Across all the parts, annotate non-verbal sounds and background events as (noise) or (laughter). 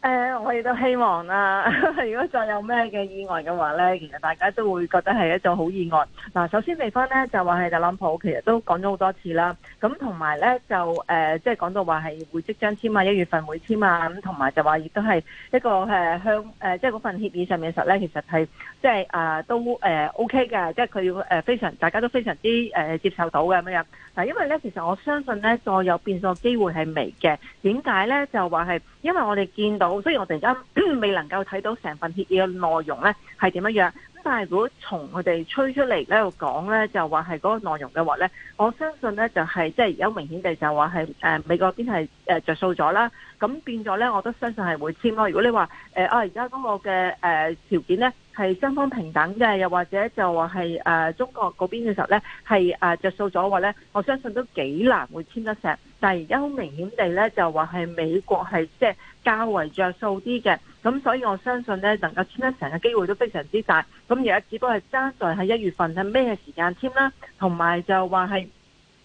誒，uh, 我亦都希望啦，啊。 (laughs) 如果再有咩嘅意外嘅話呢，其實大家都會覺得係一種好意外。嗱，首先地翻呢，就話係特朗普，其實都講咗好多次啦。咁同埋呢，就誒，即係講到話係會即將簽啊，一月份會簽啊，咁同埋就話亦都係一個誒向誒，即係嗰份協議上面嘅時候呢，其實係即係啊都誒 O K 嘅，即係佢要誒非常，大家都非常之誒、呃、接受到嘅咁樣。嗱，因為呢，其實我相信呢，再有變數機會係微嘅。點解呢？就話係因為我哋見到。雖然我哋而家未能夠睇到成份協議嘅內容咧，係點樣樣咁，但係如果從佢哋吹出嚟咧度講咧，就話係嗰個內容嘅話咧，我相信咧就係即係有明顯地就話係誒美國邊係誒着數咗啦，咁變咗咧，我都相信係會簽咯。如果你話誒啊而家嗰個嘅誒條件咧。係雙方平等嘅，又或者就話係誒中國嗰邊嘅時候呢，係誒、啊、著數咗話呢。我相信都幾難會簽得成。但係而家好明顯地呢，就話係美國係即係較為着數啲嘅，咁所以我相信呢，能夠簽得成嘅機會都非常之大。咁而家只不過係爭在喺一月份喺咩時間簽啦，同埋就話係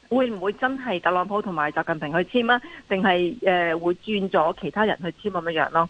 會唔會真係特朗普同埋習近平去簽啊？定係誒會轉咗其他人去簽咁樣樣咯？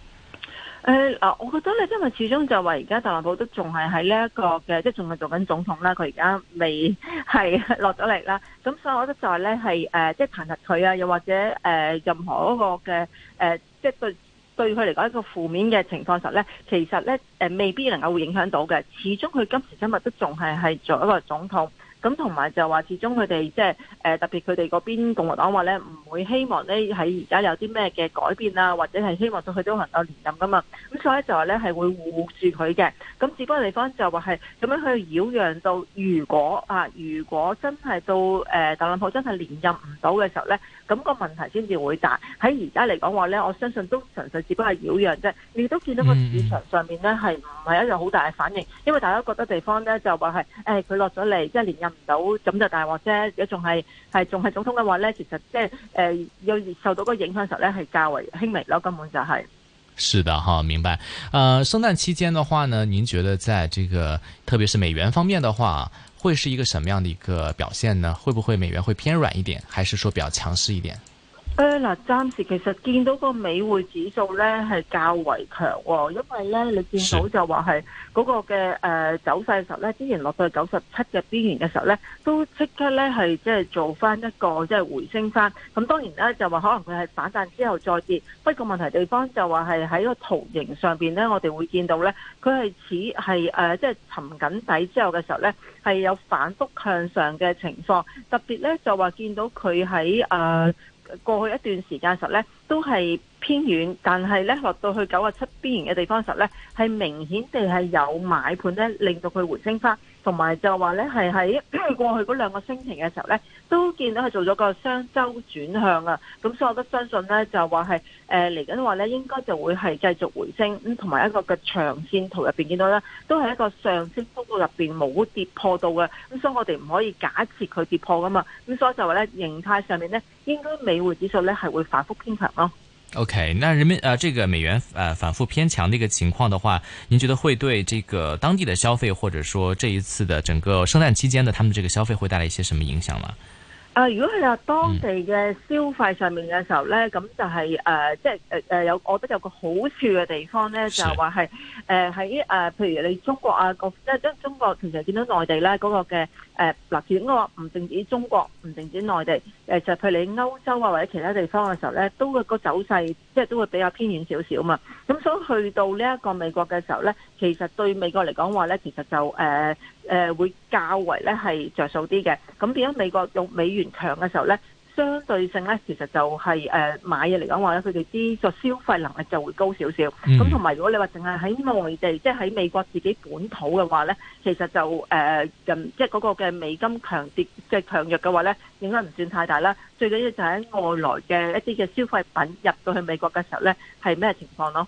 誒，嗱、呃，我覺得咧，因為始終就話而家特朗普都仲係喺呢一個嘅，即係仲係做緊總統啦，佢而家未係落咗嚟啦。咁所以我覺得就話咧，係誒，即係彈劾佢啊，又或者誒、呃，任何嗰個嘅誒，即係對對佢嚟講一個負、呃就是、面嘅情況時候咧，其實咧誒、呃，未必能夠會影響到嘅。始終佢今時今日都仲係係做一個總統。咁同埋就話，始終佢哋即係誒特別佢哋嗰邊共和黨話咧，唔會希望呢喺而家有啲咩嘅改變啊，或者係希望到佢都能夠連任噶嘛。咁所以就話咧係會護住佢嘅。咁只不過地方就話係咁樣去擾攘到，如果啊如果真係到誒特朗普真係連任唔到嘅時候咧，咁個問題先至會大。喺而家嚟講話咧，我相信都純粹只不過係擾攘啫。你都見到個市場上面咧係唔係一樣好大嘅反應，因為大家覺得地方咧就話係誒佢落咗嚟即係連任唔到咁就大鑊啫，如果仲係係仲係總統嘅話咧，其實即係誒，要受到個影響時候咧，係較為輕微咯，根本就係。是的哈，明白。誒、呃，聖誕期間嘅話呢？您覺得在這個特別是美元方面的話，會是一個什麼樣的一個表現呢？會不會美元會偏軟一點，還是說比較強勢一點？誒嗱暫時其實見到個美匯指數呢係較為強喎、哦，因為呢你見到就話係嗰個嘅誒、呃、走勢嘅時候咧，之前落到九十七嘅邊緣嘅時候咧，都即刻呢係即係做返一個即係、就是、回升返。咁當然呢，就話可能佢係反彈之後再跌，不過問題地方就話係喺個圖形上面呢，我哋會見到呢，佢係似係即係沉緊底之後嘅時候咧，係有反覆向上嘅情況，特別呢，就話見到佢喺誒，呃過去一段時間實呢，都係偏軟，但係呢，落到去九十七邊沿嘅地方實呢，係明顯地係有買盤呢，令到佢回升翻。同埋就話咧，係喺過去嗰兩個星期嘅時候咧，都見到佢做咗個雙周轉向啊。咁所以我都相信咧，就、呃、話係誒嚟緊話咧，應該就會係繼續回升咁，同、嗯、埋一個嘅長線圖入面見到咧，都係一個上升幅度入面冇跌破到嘅。咁所以我哋唔可以假設佢跌破㗎嘛。咁所以就話咧，形態上面咧，應該美匯指數咧係會反覆偏強咯。OK，那人民呃這個美元呃反覆偏強呢個情況的話，您覺得會對這個當地的消費，或者說這一次的整個聖誕期間的他們這個消費會帶來一些什麼影響呢？啊、呃，如果係話當地嘅消費上面嘅時候咧，咁、嗯、就係、是、誒，即係誒誒，有我覺得有個好處嘅地方呢就係話係誒喺誒，譬如你中國啊，國即係即係中國，平時見到內地咧、嗰個嘅。誒，嗱，始終我唔淨止中國，唔淨止內地，誒，就係、是、譬如你歐洲啊，或者其他地方嘅時候咧，都會個走勢，即係都會比較偏遠少少啊嘛。咁所以去到呢一個美國嘅時候咧，其實對美國嚟講話咧，其實就誒誒、呃呃、會較為咧係着數啲嘅。咁變咗美國用美元強嘅時候咧，相對性咧，其實就係、是、誒、呃、買嘢嚟講話咧，佢哋啲個消費能力就會高少少。咁同埋如果你話淨係喺內地，即係喺美國自己本土嘅話咧，其實就誒人即係嗰個嘅美金強跌嘅強弱嘅話咧，影響唔算太大啦。最緊要就係喺外來嘅一啲嘅消費品入到去美國嘅時候咧，係咩情況咯？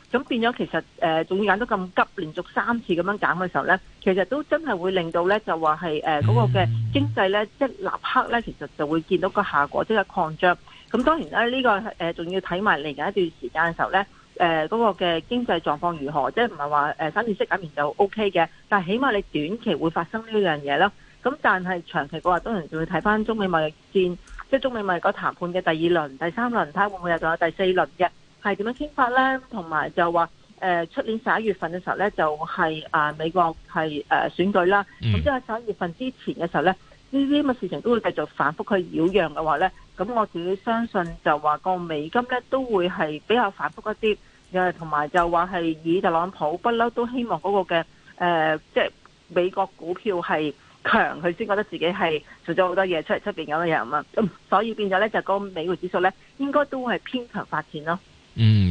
咁變咗其實誒，仲、呃、要減得咁急，連續三次咁樣減嘅時候咧，其實都真係會令到咧，就話係誒嗰個嘅經濟咧，即係立刻咧，其實就會見到個效果，即係擴張。咁當然呢，呢、這個仲、呃、要睇埋嚟緊一段時間嘅時候咧，誒、呃、嗰、那個嘅經濟狀況如何，即係唔係話誒三點息減完就 OK 嘅？但係起碼你短期會發生呢樣嘢啦。咁但係長期嘅話當然仲要睇翻中美貿易戰，即、就是、中美貿易個談判嘅第二輪、第三輪，睇下會唔會有仲有第四輪嘅。係點樣傾法咧？同埋就話誒，出、呃、年十一月份嘅時候咧，就係、是、啊、呃、美國係誒、呃、選舉啦。咁即係十一月份之前嘅時候咧，呢啲咁嘅事情都會繼續反覆去擾攘嘅話咧，咁我自己相信就話個美金咧都會係比較反覆一啲嘅，同埋就話係以特朗普不嬲都希望嗰個嘅誒，即、呃、係、就是、美國股票係強，佢先覺得自己係做咗好多嘢出嚟出面咁嘅樣啊。咁所以變咗咧，就是、個美元指數咧應該都會係偏強發展咯。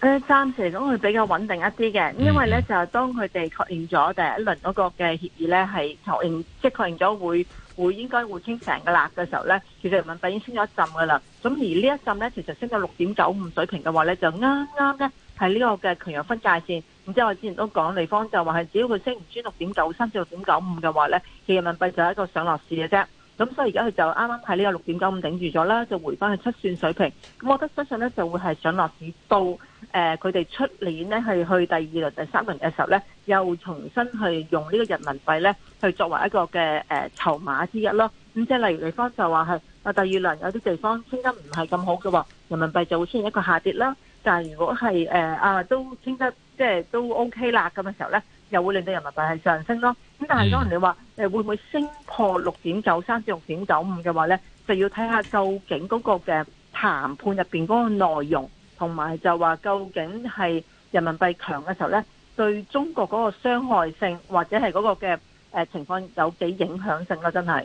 誒、呃、暫時嚟講，會比較穩定一啲嘅，因為咧就係當佢哋確認咗第一輪嗰個嘅協議咧，係確認即係確認咗會會應該會傾成個啦嘅時候咧，其實人民幣已經升咗一陣噶啦。咁而一呢一陣咧，其實升到六點九五水平嘅話咧，就啱啱咧係呢個嘅強弱分界線。咁之後我之前都講地方就話係，只要佢升唔穿六點九三至六點九五嘅話咧，其人民幣就係一個上落市嘅啫。咁所以而家佢就啱啱喺呢個六點九五頂住咗啦，就回翻去七算水平。咁我覺得相信呢就會係上落市到，誒佢哋出年呢去第二輪、第三輪嘅時候呢，又重新去用呢個人民幣呢去作為一個嘅誒籌碼之一咯。咁即係例如地方就話係啊，第二輪有啲地方升得唔係咁好嘅喎，人民幣就會出現一個下跌啦。但係如果係誒啊都升得即係都 OK 啦咁嘅時候呢，又會令到人民幣係上升咯。咁但係，當然人哋話誒會唔會升破六點九三至六點九五嘅話咧，就要睇下究竟嗰個嘅談判入邊嗰個內容，同埋就話究竟係人民幣強嘅時候咧，對中國嗰個傷害性或者係嗰個嘅誒情況有幾影響性啦，真係。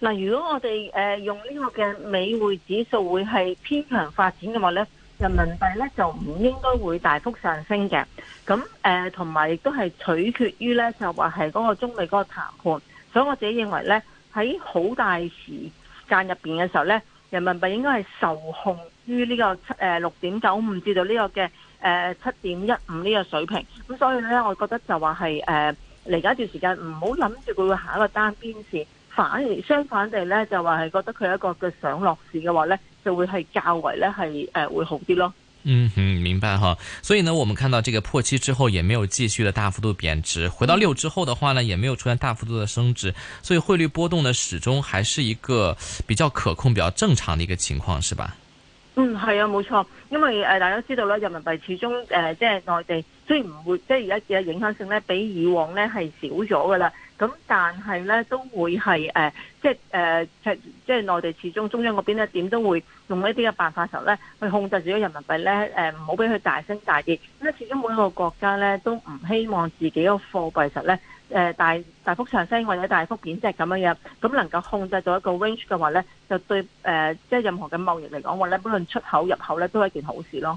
嗱，如果我哋用呢個嘅美匯指數會係偏強發展嘅話呢，人民幣呢就唔應該會大幅上升嘅。咁誒同埋亦都係取決於呢，就話係嗰個中美嗰個談判。所以我自己認為呢，喺好大時間入面嘅時候呢，人民幣應該係受控於呢個七誒六點九五至到呢個嘅誒七點一五呢個水平。咁所以呢，我覺得就話係誒嚟緊一段時間唔好諗住佢會下一個單邊線。反而相反地咧，就話係覺得佢一個嘅上落市嘅話咧，就會係較為咧係誒會好啲咯。嗯哼，明白吓。所以呢，我們看到這個破七之後，也沒有繼續的大幅度貶值，回到六之後的話呢，也沒有出現大幅度的升值，所以匯率波動呢，始終還是一個比較可控、比較正常的一個情況，是吧？嗯，係啊，冇錯。因為誒、呃，大家知道咧，人民幣始終誒、呃，即係內地雖然唔會，即係而家嘅影響性咧，比以往咧係少咗噶啦。咁但係咧都會係誒、呃，即係誒、呃，即係內地始終中央嗰邊咧點都會用一啲嘅辦法時候咧去控制自己人民幣，咧唔好俾佢大升大跌。因為始終每個國家咧都唔希望自己個貨幣實咧誒大大幅上升或者大幅貶值咁樣樣，咁能夠控制到一個 range 嘅話咧，就對誒、呃，即係任何嘅貿易嚟講話咧，不論出口入口咧都係一件好事咯。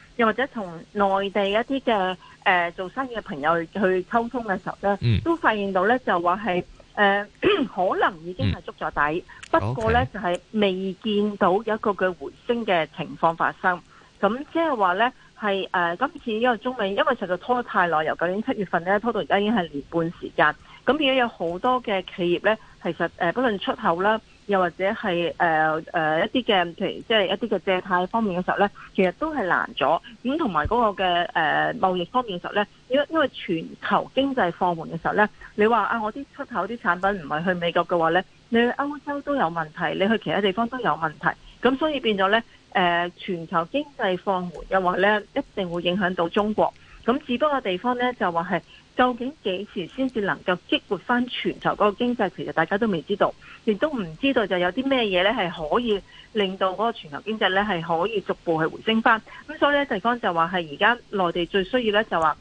又或者同內地一啲嘅誒做生意嘅朋友去溝通嘅時候咧，嗯、都發現到咧就話係誒可能已經係捉咗底，嗯、不過咧 Okay. 就係未見到有一個嘅回升嘅情況發生。咁即係話咧係誒，今次呢個中美因為實在拖太耐，由舊年七月份咧拖到而家已經係年半時間，咁變咗有好多嘅企業咧，其實誒、呃，不論出口啦。又或者係誒誒一啲嘅譬如即係一啲嘅借貸方面嘅時候咧，其實都係難咗。咁同埋嗰個嘅誒、呃、貿易方面嘅時候咧，因因為全球經濟放緩嘅時候咧，你話啊，我啲出口啲產品唔係去美國嘅話咧，你去歐洲都有問題，你去其他地方都有問題。咁所以變咗咧誒，全球經濟放緩又或咧一定會影響到中國。咁只不過地方咧就話係。究竟幾時先至能夠激活翻全球嗰個經濟？其實大家都未知道，亦都唔知道就有啲咩嘢呢？係可以令到嗰個全球經濟呢，係可以逐步去回升翻。咁所以呢，地方就話係而家內地最需要呢，就話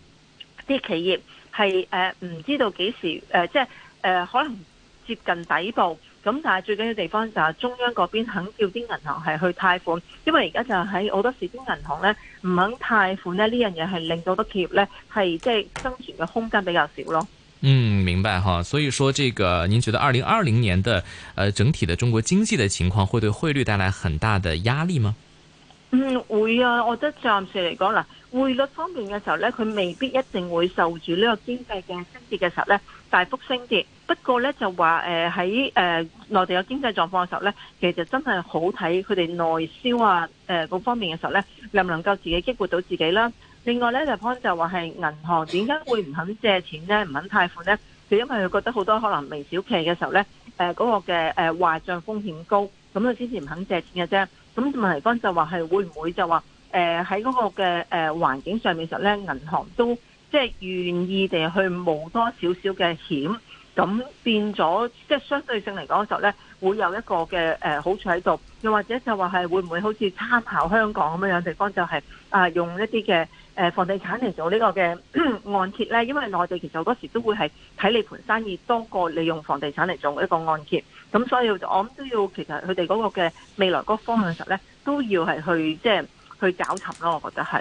啲企業係誒唔知道幾時誒，即係可能接近底部。咁但係最緊要的地方就係中央嗰邊肯叫啲銀行係去貸款，因為而家就喺好多時啲銀行咧唔肯貸款咧，呢樣嘢係令到啲企業咧係即係生存嘅空間比較少咯。嗯，明白哈。所以說，這個您覺得二零二零年的，呃，整體的中國經濟的情況會對匯率帶來很大的壓力嗎？嗯，會啊。我覺得暫時嚟講，嗱，匯率方面嘅時候咧，佢未必一定會受住呢個經濟嘅升跌嘅時候咧大幅升跌。不過咧，就話誒喺誒內地有經濟狀況嘅時候咧，其實真係好睇佢哋內銷啊誒方面嘅時候咧，能唔能夠自己激活到自己啦？另外咧，就方就話係銀行點解會唔肯借錢咧，唔肯貸款咧？就因為佢覺得好多可能微小企嘅時候咧，誒嗰個嘅誒壞帳風險高，咁佢先至唔肯借錢嘅啫。咁問題方就話係會唔會就話誒喺嗰個嘅誒環境上面時候咧，銀行都即係願意地去冒多少少嘅險。咁變咗，即係相對性嚟講嘅時候呢會有一個嘅誒好處喺度，又或者就話係會唔會好似參考香港咁樣地方，就係啊用一啲嘅誒房地產嚟做呢個嘅按揭呢？因為內地其實嗰時都會係睇你盤生意多過利用房地產嚟做一個按揭，咁所以我諗都要其實佢哋嗰個嘅未來嗰個方向時候呢，都要係去即係去找尋咯，我覺得係。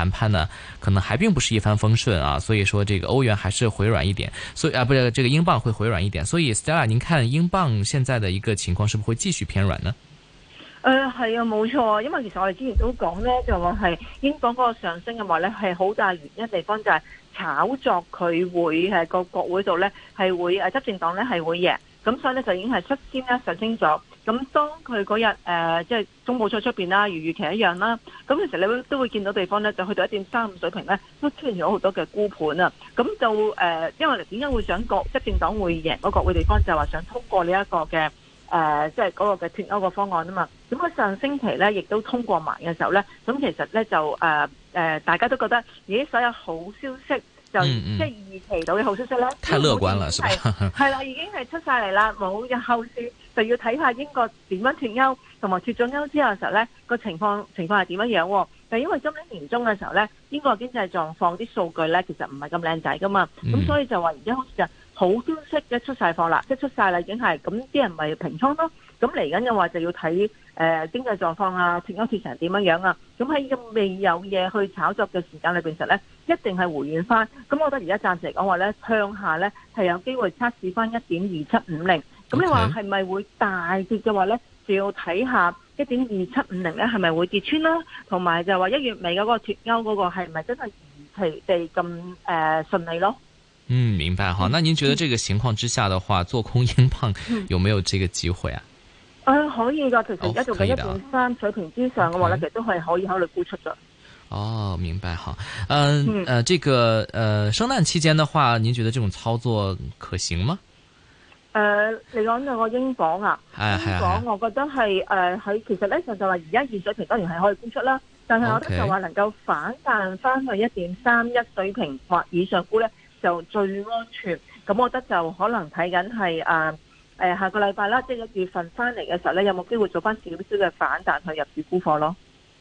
談判呢，可能還並不是一帆風順啊，所以說這個歐元還是回軟一點，所以啊，不是這個英鎊會回軟一點，所以 Stella，您看英鎊現在的一個情況，是不是會繼續偏軟呢？誒、呃，係啊，冇錯，因為其實我哋之前都講呢，就話係英鎊嗰個上升嘅話呢，係好大原因的地方就係炒作佢會係個國會度呢，係會誒執政黨咧係會贏，咁所以呢，就已經係率先咧上升咗。咁當佢嗰日誒，即係公布咗出面啦，如預期一樣啦。咁其實你都會見到地方咧，就去到一點三五水平咧，都出現咗好多嘅沽盤啊。咁就誒，因為點解會想國執政黨會贏嗰個嘅地方，就係話想通過呢一個嘅誒，即係嗰個嘅脱歐個方案啊嘛。咁佢上星期咧，亦都通過埋嘅時候咧，咁其實咧就誒大家都覺得而家所有好消息就即係預期到嘅好消息咧，太樂觀了，係啦，已經係出晒嚟啦，冇後。就要睇下英國點樣脫歐，同埋脫咗歐之後嘅時候咧，個情況情況係點樣樣？但因為今年年中嘅時候咧，英國經濟狀況啲數據咧，其實唔係咁靚仔噶嘛，咁、嗯、所以就話而家開始就好消息一出晒貨啦，即係出晒啦已經係，咁啲人咪平倉咯。咁嚟緊嘅話就要睇誒、呃、經濟狀況啊，脫歐脫成點樣樣啊？咁喺未有嘢去炒作嘅時間裏邊實咧，一定係回軟翻。咁我覺得而家暫時講話咧，向下咧係有機會測試翻一點二七五零。咁你話係咪會大跌嘅話咧，就 Okay. 要睇下一點二七五零咧係咪會跌穿啦，同埋就係話一月尾嗰個脫歐嗰個係咪真係預期地咁誒順利咯？嗯，明白哈。那您覺得這個情況之下的話，嗯、做空英鎊有沒有這個機會啊？誒、呃，可以噶，其實而家做緊一點三水平之上嘅話咧，Okay. 其實都係可以考慮沽出嘅。哦，明白哈。呃、嗯誒、呃，這個誒聖誕期間嘅話，您覺得這種操作可行嗎？誒、呃，你講到個英鎊啊，英鎊我覺得係誒喺其實咧，就就話而家現水平當然係可以沽出啦，但係我覺得就話能夠反彈翻去一點三一水平或以上沽咧就最安全。咁我覺得就可能睇緊係誒誒下個禮拜啦，即係一月份翻嚟嘅時候咧，有冇機會做翻少少嘅反彈去入市沽貨咯？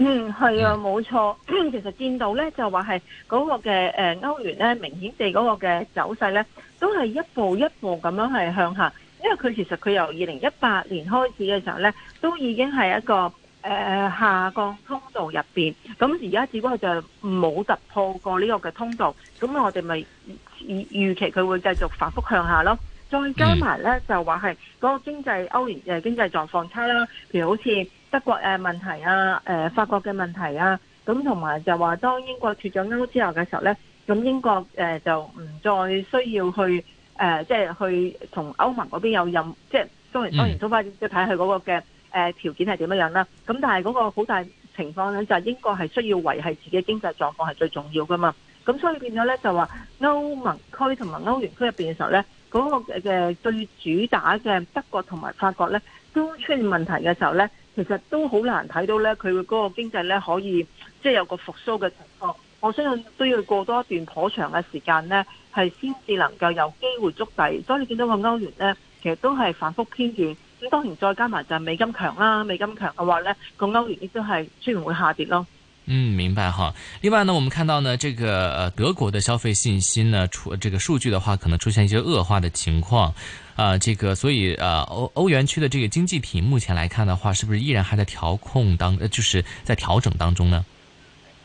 嗯，係啊，冇錯。 (coughs) 其實見到咧，就話係嗰個嘅誒歐元咧，明顯地嗰個嘅走勢咧，都係一步一步咁樣係向下。因為佢其實佢由二零一八年開始嘅時候咧，都已經係一個誒、呃、下降通道入邊。咁而家只不過就係冇突破過呢個嘅通道，咁我哋咪預預期佢會繼續反復向下咯。再加埋咧，就話係嗰個經濟歐元嘅經濟狀況差啦，譬如好似。德國誒問題啊，誒、呃、法國嘅問題啊，咁同埋就話當英國脱咗歐之後嘅時候咧，咁英國誒、呃、就唔再需要去誒，即、呃、係、就是、去同歐盟嗰邊有任，即係當然當然，都係要睇佢嗰個嘅誒條件係點樣樣啦。咁但係嗰個好大情況咧，就係、是、英國係需要維繫自己經濟狀況係最重要噶嘛。咁所以變咗咧就話歐盟區同埋歐元區入邊嘅時候咧，嗰、那個嘅最主打嘅德國同埋法國咧都出現問題嘅時候咧。其實都好難睇到咧，佢嗰個經濟咧可以即係有個復甦嘅情況。我相信都要過多一段頗長嘅時間咧，係先至能夠有機會觸底。所以你見到個歐元咧，其實都係反覆偏軟。咁當然再加埋就係美金強啦、啊，美金強嘅話咧，個歐元亦都係雖然會下跌咯。嗯，明白哈。另外呢，我們看到呢，這個德國的消費信心呢，出這個數據的話，可能出現一些惡化的情況。啊、呃，這個所以呃，歐歐元區的這個經濟體目前來看的話，是不是依然還在調控當，就是在調整當中呢？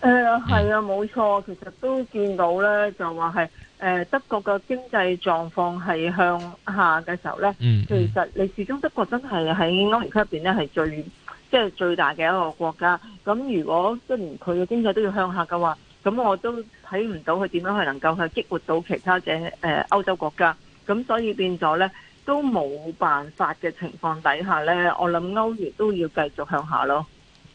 呃，係啊，冇、嗯、錯，其實都見到咧，就話係誒德國嘅經濟狀況係向下嘅時候咧，嗯、其實你始終德國真係喺歐元區入邊咧係最。即係最大嘅一個國家，咁如果即連佢嘅經濟都要向下嘅話，咁我都睇唔到佢點樣去能夠去激活到其他嘅誒歐洲國家，咁所以變咗呢，都冇辦法嘅情況底下呢，我諗歐元都要繼續向下咯。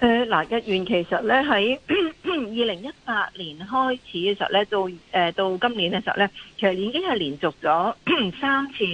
誒，嗱、嗯，日元其實咧喺二零一八年開始嘅時候咧，到誒到今年嘅時候咧，其實已經係連續咗三次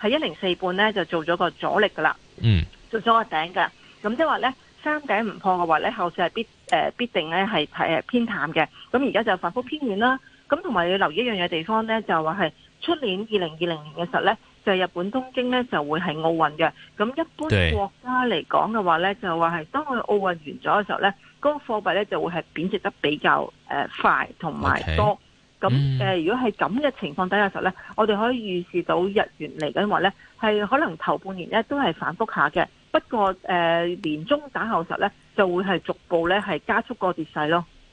喺一零四半咧就做咗個阻力噶啦，嗯，做咗個頂噶，咁即係話咧三頂唔破嘅話咧，後市係必誒、呃、必定咧係誒偏淡嘅，咁而家就反覆偏軟啦，咁同埋要留意一樣嘢地方咧，就話係出年二零二零年嘅時候咧。就日本東京咧，就會係奧運嘅。咁一般國家嚟講嘅話咧，對就話係當佢奧運完咗嘅時候咧，嗰個貨幣咧就會係貶值得比較快同埋多。咁如果係咁嘅情況底下時候咧，我哋可以預示到日元嚟緊話咧係可能頭半年咧都係反覆下嘅，不過誒、呃、年中打後實咧就會係逐步咧係加速個跌勢咯。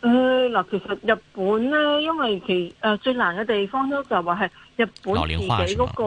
誒，嗱、嗯，其實日本咧，因為其誒、呃、最難嘅地方都就話係日本自己嗰、那個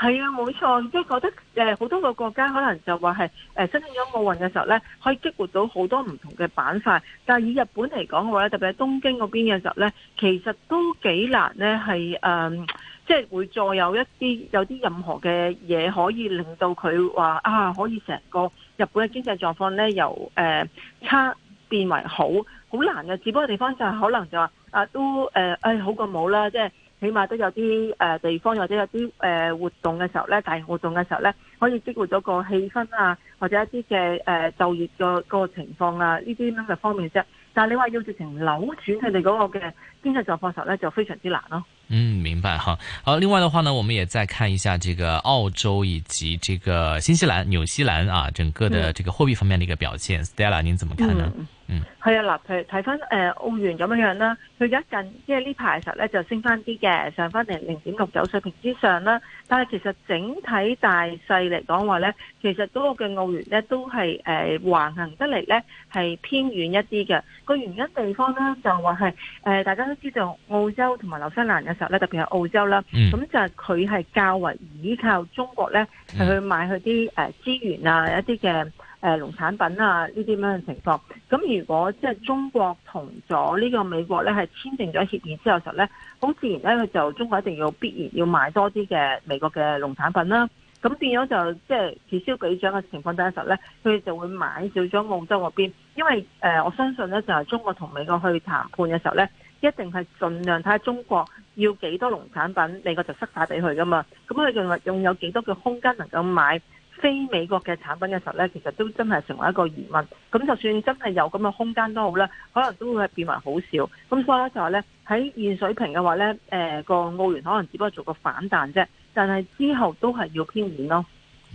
係啊，冇錯，即、嗯、係、就是、覺得誒好、呃、多個國家可能就話係誒，申請咗奧運嘅時候咧，可以激活到好多唔同嘅板塊。但係以日本嚟講嘅話咧，特別喺東京嗰邊嘅時候咧，其實都幾難咧，係誒即係會再有一啲有啲任何嘅嘢可以令到佢話啊，可以成個日本嘅經濟狀況咧由誒、呃、差變為好。好難啊，只不過地方就係可能就話啊，都誒誒、呃哎、好過冇啦，即係起碼都有啲誒、呃、地方或者有啲誒、呃、活動嘅時候咧，大型活動嘅時候咧，可以激活到個氣氛啊，或者一啲嘅誒就業個個情況啊，呢啲咁嘅方面啫。但係你話要做成扭轉佢哋嗰個嘅經濟狀況時候咧，就非常之難咯、哦。嗯，明白哈。好，另外的話呢，我們也再看一下這個澳洲以及這個新西蘭、紐西蘭啊，整個的這個貨幣方面的一個表現。嗯、Stella，您怎麼看呢？嗯嗯，係啊，嗱，譬如睇翻誒澳元咁樣樣啦，佢而家近即係呢排時候咧就升翻啲嘅，上翻嚟零點六九水平之上啦。但係其實整體大勢嚟講話咧，其實嗰個嘅澳元咧都係誒橫行得嚟咧，係偏遠一啲嘅。個原因地方咧就話係誒大家都知道澳洲同埋紐西蘭嘅時候咧，特別係澳洲啦，咁就係佢係較為依靠中國咧係去買佢啲誒資源啊一啲嘅。誒、呃、農產品啊，呢啲咁樣嘅情況，咁如果即係中國同咗呢個美國咧，係簽訂咗協議之後嘅時候咧，好自然咧，佢就中國一定要必然要買多啲嘅美國嘅農產品啦。咁變咗就即係取消幾張嘅情況底下時候咧，佢就會買少咗澳洲嗰邊，因為誒、呃、我相信咧就係、是、中國同美國去談判嘅時候咧，一定係盡量睇下中國要幾多農產品，美國就塞晒俾佢噶嘛。咁佢認為用有幾多嘅空間能夠買？非美國嘅產品嘅時候咧，其實都真係成為一個疑問。咁就算真係有咁嘅空間都好啦，可能都會變為好少。咁所以咧就係咧，喺現水平嘅話咧，誒、欸、個澳元可能只不過做個反彈啫，但係之後都係要偏軟咯。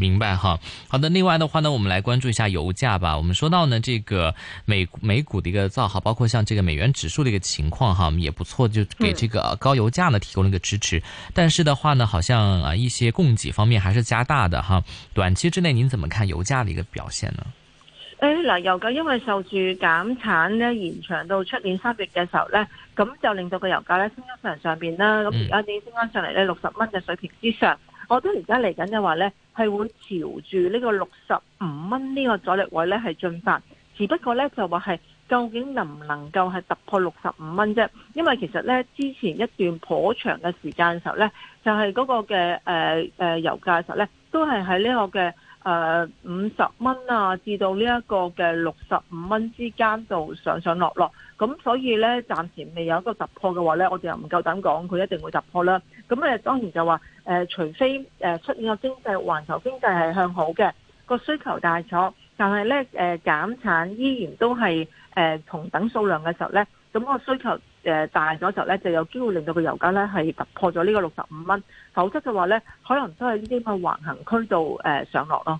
明白哈，好的。另外的話呢，我們來關注一下油價吧。我們說到呢，這個美美股的一個造好，包括像這個美元指數的一個情況哈，我們也不錯，就給這個高油價呢提供了一個支持。但是的話呢，好像啊一些供給方面還是加大的哈。短期之內，您怎麼看油價的一個表現呢？誒、哎、嗱、呃，油價因為受住減產呢，延長到出年三月嘅時候呢，咁就令到個油價呢升翻上上邊啦。咁而家呢升翻上嚟呢，六十蚊嘅水平之上。我覺得而家嚟緊嘅話呢，係會朝住呢個六十五蚊呢個阻力位呢係進發，只不過呢，就話係究竟能唔能夠係突破六十五蚊啫？因為其實呢，之前一段頗長嘅時間嘅時候呢，就係、是、嗰個嘅誒、呃呃、油價嘅時候呢，都係喺呢個嘅。誒五十蚊啊，至到呢一個嘅六十五蚊之間度上上落落，咁所以呢，暫時未有一個突破嘅話呢，我哋又唔夠膽講佢一定會突破啦。咁、嗯、咧當然就話誒、呃，除非出現個經濟，環球經濟係向好嘅、個需求大咗，但係呢，誒、呃、減產依然都係誒、呃、同等數量嘅時候呢，咁、個需求。誒大咗時候咧，就有機會令到個油價咧係突破咗呢個六十五蚊，否則嘅話咧，可能都係呢啲咁嘅橫行區度誒上落咯。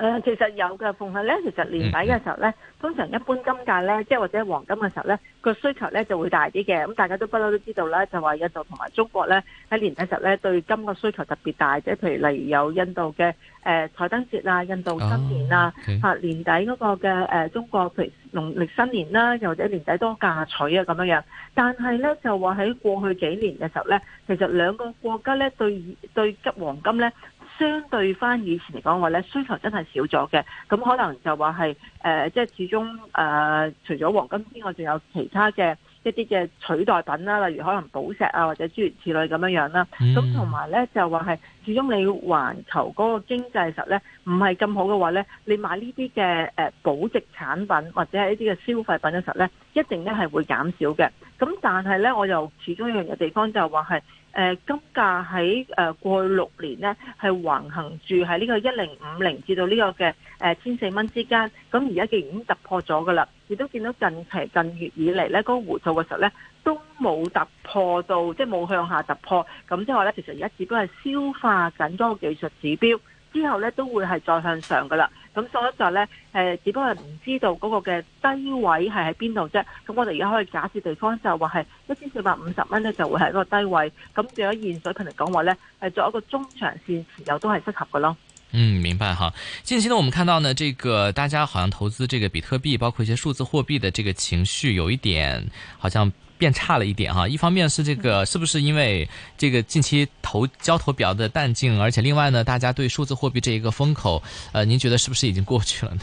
誒，其實有嘅，逢係咧，其實年底嘅時候咧，通常一般金價咧，即係或者黃金嘅時候咧，個需求咧就會大啲嘅。咁大家都不嬲都知道啦，就話印度同埋中國咧喺年底時候咧，對金嘅需求特別大，即係譬如例如有印度嘅誒彩燈節啊，印度新年啊，嚇、oh, okay. 年底嗰個嘅誒中國譬如農曆新年啦，又或者年底多嫁娶啊咁樣樣。但係咧就話喺過去幾年嘅時候咧，其實兩個國家咧對對執黃金咧。相對翻以前嚟講話咧，需求真係少咗嘅，咁可能就話係誒，即係始終誒、呃，除咗黃金之外，仲有其他嘅一啲嘅取代品啦，例如可能寶石啊，或者諸如此類咁樣樣啦。咁同埋咧，就話係始終你環球嗰個經濟實咧唔係咁好嘅話咧，你買呢啲嘅誒保值產品或者係一啲嘅消費品嘅時候咧，一定咧係會減少嘅。咁但係咧，我又始終一樣嘅地方就話係。誒、呃、金價喺誒、呃、過去六年呢，係橫行住喺呢個一零五零至到呢個嘅誒千四蚊之間，咁而家已經突破咗噶啦，亦都見到近期近月以嚟呢，嗰、那個回吐嘅時候呢，都冇突破到，即係冇向下突破，咁即係話呢，其實而家只不過係消化緊嗰個技術指標之後呢都會係再向上噶啦。咁所以就咧，誒，只不過係唔知道嗰個嘅低位係喺邊度啫。咁我哋而家可以假設對方就話係一千四百五十蚊咧，就會係一個低位。咁如果現水平嚟講話咧，係作一個中長線持有都係適合嘅咯。嗯，明白哈。近期呢，我們看到呢，這個大家好像投資這個比特幣，包括一些數字貨幣的這個情緒，有一點好像。變差了一點哈、啊，一方面是這個是不是因為這個近期投交投比較的淡靜，而且另外呢，大家對數字貨幣這一個風口，呃，您覺得是不是已經過去了呢？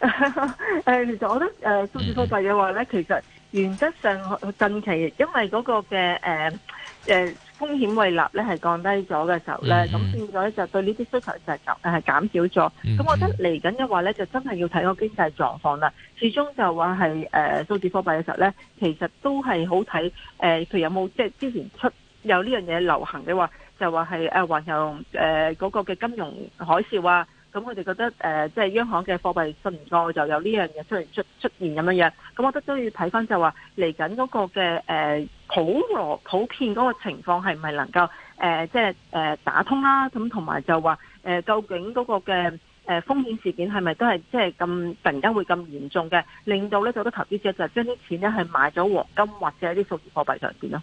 呃、 (laughs) 嗯，其實我覺得，呃，數字貨幣嘅話咧，其實原則上近期因為嗰個嘅，誒、呃，誒、呃。風險胃納咧係降低咗嘅時候咧，咁變咗咧就對呢啲需求係減，係減少咗。咁、mm hmm. 我覺得嚟緊嘅話咧，就真係要睇個經濟狀況啦。始終就話係誒數字貨幣嘅時候咧，其實都係好睇誒，佢、呃、有冇即係之前出有呢樣嘢流行嘅話就話係誒環遊誒嗰個嘅金融海嘯啊。咁我哋覺得誒，即、呃、係、就是、央行嘅貨幣信號，就有呢樣嘢出嚟出出現咁樣樣。咁我覺得都要睇翻、呃呃，就話嚟緊嗰個嘅誒普羅普遍嗰個情況係唔係能夠誒即係誒打通啦、啊？咁同埋就話誒、呃，究竟嗰個嘅誒風險事件係咪都係即係咁突然間會咁嚴重嘅，令到咧好多投資者就將啲錢咧係買咗黃金或者啲數字貨幣上邊咯。